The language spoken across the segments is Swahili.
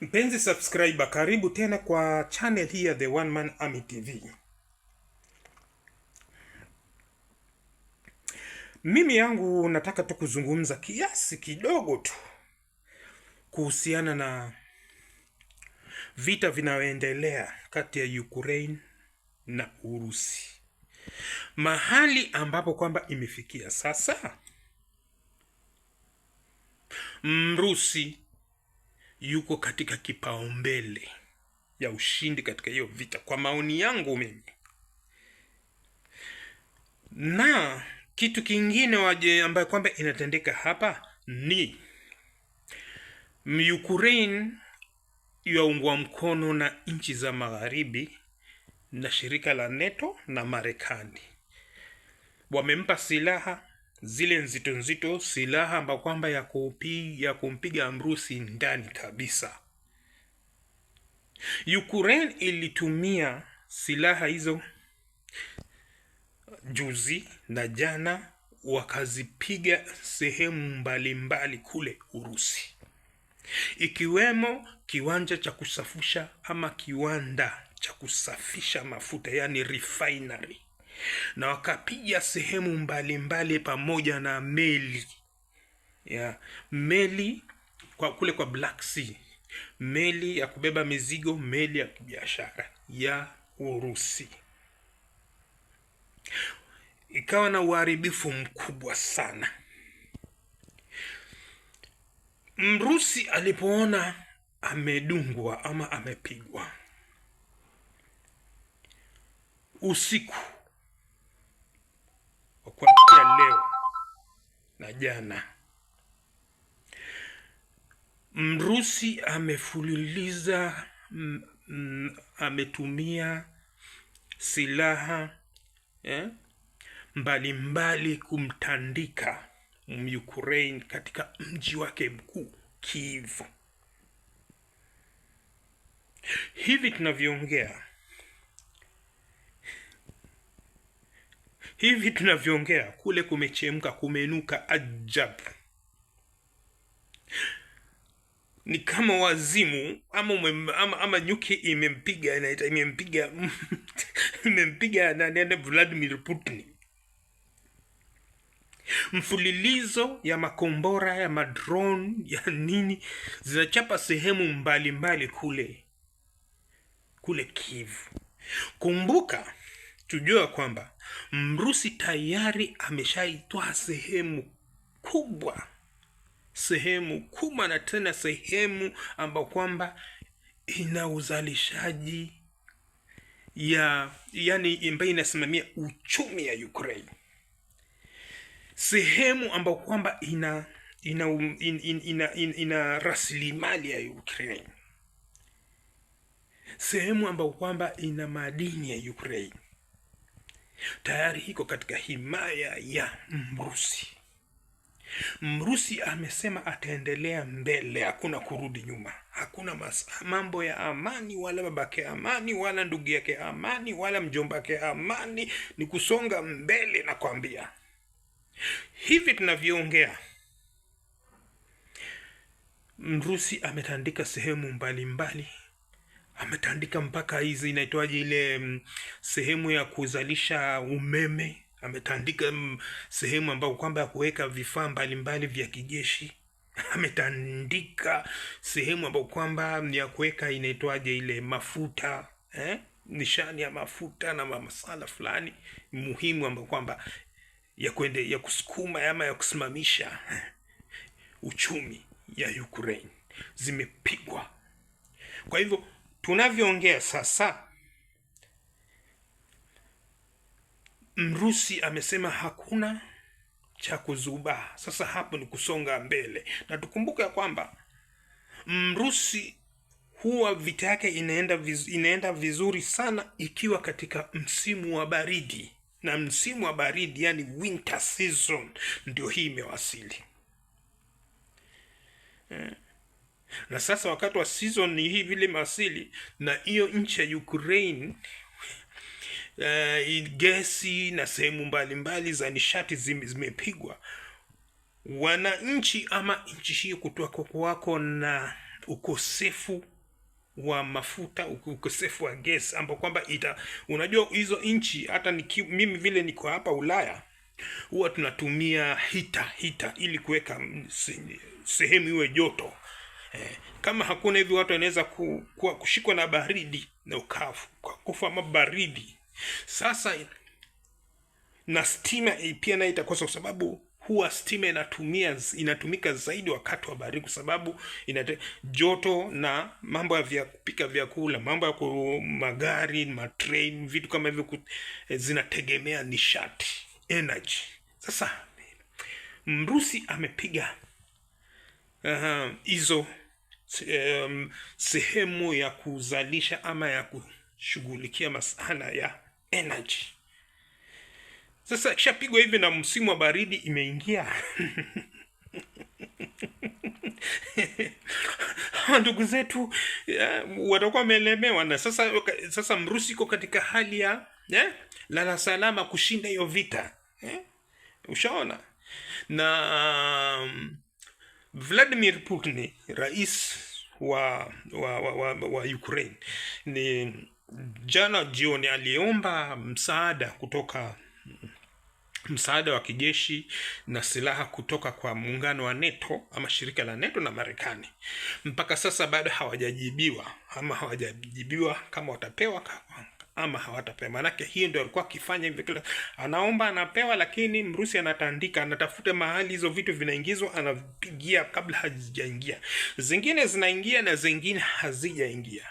Mpenzi subscriber, karibu tena kwa channel hii ya The One Man Army TV. Mimi yangu nataka tu kuzungumza kiasi kidogo tu kuhusiana na vita vinayoendelea kati ya Ukraine na Urusi, mahali ambapo kwamba imefikia sasa Mrusi yuko katika kipaumbele ya ushindi katika hiyo vita, kwa maoni yangu mimi. Na kitu kingine waje ambayo kwamba inatendeka hapa ni Ukraine yaungwa mkono na nchi za magharibi na shirika la NATO na Marekani, wamempa silaha zile nzito nzito, silaha ambayo kwamba ya kumpiga ya kumpiga mrusi ndani kabisa. Ukraine ilitumia silaha hizo juzi na jana, wakazipiga sehemu mbalimbali mbali kule Urusi, ikiwemo kiwanja cha kusafisha ama kiwanda cha kusafisha mafuta, yani refinery na wakapiga sehemu mbalimbali mbali pamoja na meli ya meli kwa kule kwa Black Sea, meli ya kubeba mizigo, meli ya kibiashara ya Urusi. Ikawa na uharibifu mkubwa sana. Mrusi alipoona amedungwa ama amepigwa usiku kuanzia leo na jana. Mrusi amefululiza mm, mm, ametumia silaha eh, mbalimbali kumtandika Ukraine katika mji wake mkuu Kiev. Hivi tunavyoongea Hivi tunavyoongea kule kumechemka, kumenuka ajabu, ni kama wazimu ama, mwem, ama, ama nyuki imempiga naita imempiga imempiga nanene Vladimir Putin. Mfululizo ya makombora ya madron ya nini zinachapa sehemu mbalimbali mbali kule kule kivu Kumbuka tujua kwamba Mrusi tayari ameshaitwaa sehemu kubwa, sehemu kubwa, na tena sehemu ambayo kwamba ina uzalishaji ya yani ambayo inasimamia uchumi ya Ukraine, sehemu ambayo kwamba ina ina, ina, ina, ina, ina, ina rasilimali ya Ukraine, sehemu ambayo kwamba ina madini ya Ukraine tayari iko katika himaya ya Mrusi. Mrusi amesema ataendelea mbele, hakuna kurudi nyuma, hakuna mambo ya amani wala babake amani wala ndugu yake amani wala mjomba amani, ni kusonga mbele. Nakwambia hivi tunavyoongea, Mrusi ametandika sehemu mbalimbali mbali ametandika mpaka hizi inaitwaje ile m, mm, sehemu ya kuzalisha umeme ametandika m, mm, sehemu ambayo kwamba ya kuweka vifaa mbalimbali vya kijeshi ametandika sehemu ambayo kwamba ya kuweka inaitwaje ile mafuta eh? nishani ya mafuta na masala fulani muhimu ambayo kwamba ya kuende, ya kusukuma ama ya kusimamisha eh, uchumi ya Ukraine zimepigwa. Kwa hivyo tunavyoongea sasa, Mrusi amesema hakuna cha kuzubaa. Sasa hapo ni kusonga mbele, na tukumbuke ya kwamba Mrusi huwa vita yake inaenda viz, inaenda vizuri sana ikiwa katika msimu wa baridi, na msimu wa baridi yani winter season ndio hii imewasili eh na sasa wakati wa season hii vile masili na hiyo nchi ya Ukraine uh, gesi na sehemu mbalimbali za nishati zimepigwa, wananchi ama nchi hiyo kutoka kwako na ukosefu wa mafuta, ukosefu wa gesi, ambao kwamba ita unajua hizo nchi, hata niki, mimi vile niko hapa Ulaya huwa tunatumia hita hita ili kuweka sehemu iwe joto Eh, kama hakuna hivi watu wanaweza ku, kushikwa na baridi na ukavu kufa ma baridi Sasa na stima eh, pia nayo itakosa, kwa sababu huwa stima inatumia inatumika zaidi wakati wa baridi, kwa sababu inate, joto na mambo ya vya kupika vyakula, mambo ya magari, matrain, vitu kama hivyo eh, zinategemea nishati energy. Sasa Mrusi amepiga hizo uh, um, sehemu ya kuzalisha ama ya kushughulikia masala ya energy sasa kishapigwa hivi na msimu wa baridi imeingia ndugu zetu eh, watakuwa wamelemewa na sasa, sasa mrusi iko katika hali ya eh, lala salama kushinda hiyo vita eh? ushaona na um, Vladimir Putin, rais wa wa, wa, wa, wa Ukraine, ni jana jioni aliomba msaada kutoka msaada wa kijeshi na silaha kutoka kwa muungano wa NATO ama shirika la NATO na Marekani. Mpaka sasa bado hawajajibiwa ama hawajajibiwa kama watapewa ama hawatapewa. Maanake hii ndio alikuwa akifanya hivyo kila anaomba, anapewa, lakini mrusi anatandika, anatafuta mahali hizo vitu vinaingizwa, anapigia kabla hazijaingia. Zingine zinaingia na zingine hazijaingia.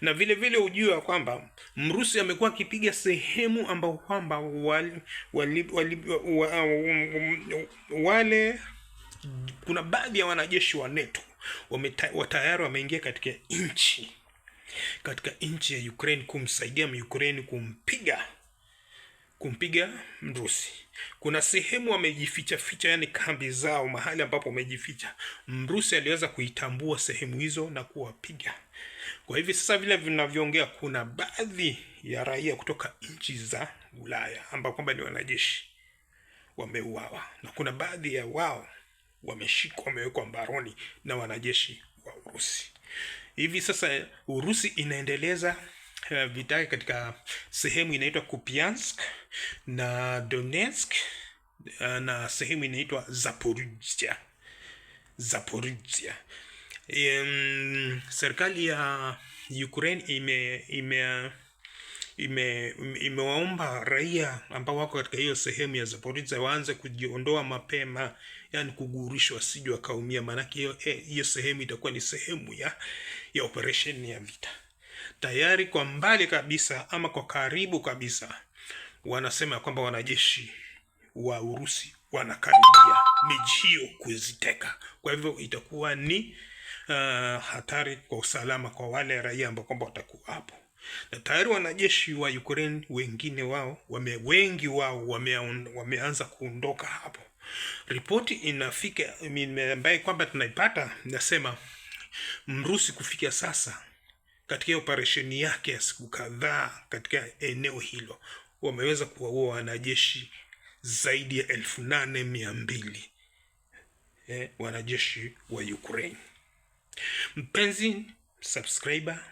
Na vile vile ujua kwamba mrusi amekuwa akipiga sehemu ambao kwamba wale wale kuna baadhi ya wanajeshi wa NATO tayari wameingia katika nchi katika nchi ya Ukraine kumsaidia Ukraine kumpiga kumpiga Mrusi. Kuna sehemu wamejificha ficha, yani kambi zao, mahali ambapo wamejificha. Mrusi aliweza kuitambua sehemu hizo na kuwapiga. Kwa hivi sasa vile vinavyoongea, kuna baadhi ya raia kutoka nchi za Ulaya ambao kwamba ni wanajeshi wameuawa, na kuna baadhi ya wao wameshikwa, wamewekwa mbaroni na wanajeshi wa Urusi. Hivi sasa Urusi inaendeleza uh, katika sehemu inaitwa Kupiansk na Donetsk uh, na sehemu inaitwa zaporizia zaporizia Um, serikali ya Ukraine ime ime ime imewaomba raia ambao wako katika hiyo sehemu ya zaporizia waanze kujiondoa mapema yani kugurishwa, wasije wakaumia, maanake hiyo eh, hiyo sehemu itakuwa ni sehemu ya ya operation ya vita tayari. Kwa mbali kabisa ama kwa karibu kabisa, wanasema kwamba wanajeshi wa Urusi wanakaribia miji hiyo kuziteka. Kwa hivyo itakuwa ni uh, hatari kwa usalama kwa wale raia ambao kwamba watakuwa hapo na tayari wanajeshi wa Ukraine wengine wao wame wengi wao wame, wameanza kuondoka hapo. Ripoti inafika ambaye kwamba tunaipata nasema Mrusi kufikia sasa katika operesheni yake ya siku kadhaa katika eneo hilo wameweza kuwaua wanajeshi zaidi ya elfu nane mia mbili eh, wanajeshi wa Ukraine. Mpenzi subscriber,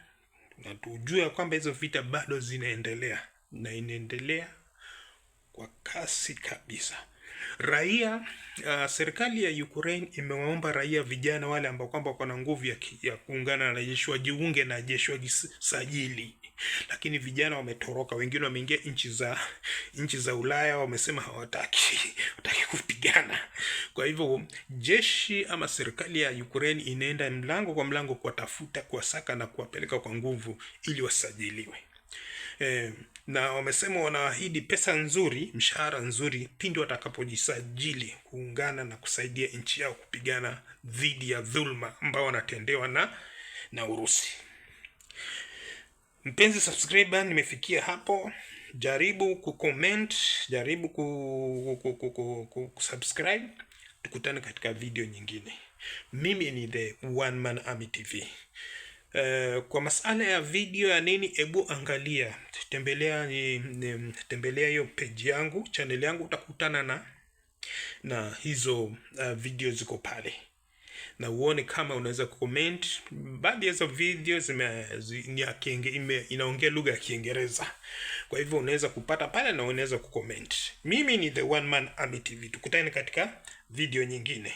natujua kwamba hizo vita bado zinaendelea na inaendelea kwa kasi kabisa. Raia uh, serikali ya Ukraine imewaomba raia vijana wale ambao kwamba wako na nguvu ya, ya kuungana na jeshi wajiunge na jeshi wajisajili, lakini vijana wametoroka, wengine wameingia nchi za nchi za Ulaya, wamesema hawataki hawataki kupigana. Kwa hivyo jeshi ama serikali ya Ukraine inaenda mlango kwa mlango kuwatafuta, kuwasaka na kuwapeleka kwa nguvu ili wasajiliwe e, na wamesema wanaahidi pesa nzuri, mshahara nzuri pindi watakapojisajili kuungana na kusaidia nchi yao kupigana dhidi ya dhulma ambao wanatendewa na, na Urusi. Mpenzi subscriber, nimefikia hapo. Jaribu kucomment, jaribu ku, ku, ku, ku, ku, kusubscribe. Tukutane katika video nyingine. Mimi ni the One Man Army TV. Uh, kwa masala ya video ya nini, ebu angalia, tembelea ni, eh, ni, eh, tembelea hiyo page yangu channel yangu, utakutana na na hizo uh, video ziko pale, na uone kama unaweza kucomment. Baadhi ya hizo video zime, zime, inaongea lugha ya Kiingereza, kwa hivyo unaweza kupata pale na unaweza kucomment. Mimi ni the one man army TV, tukutane katika video nyingine.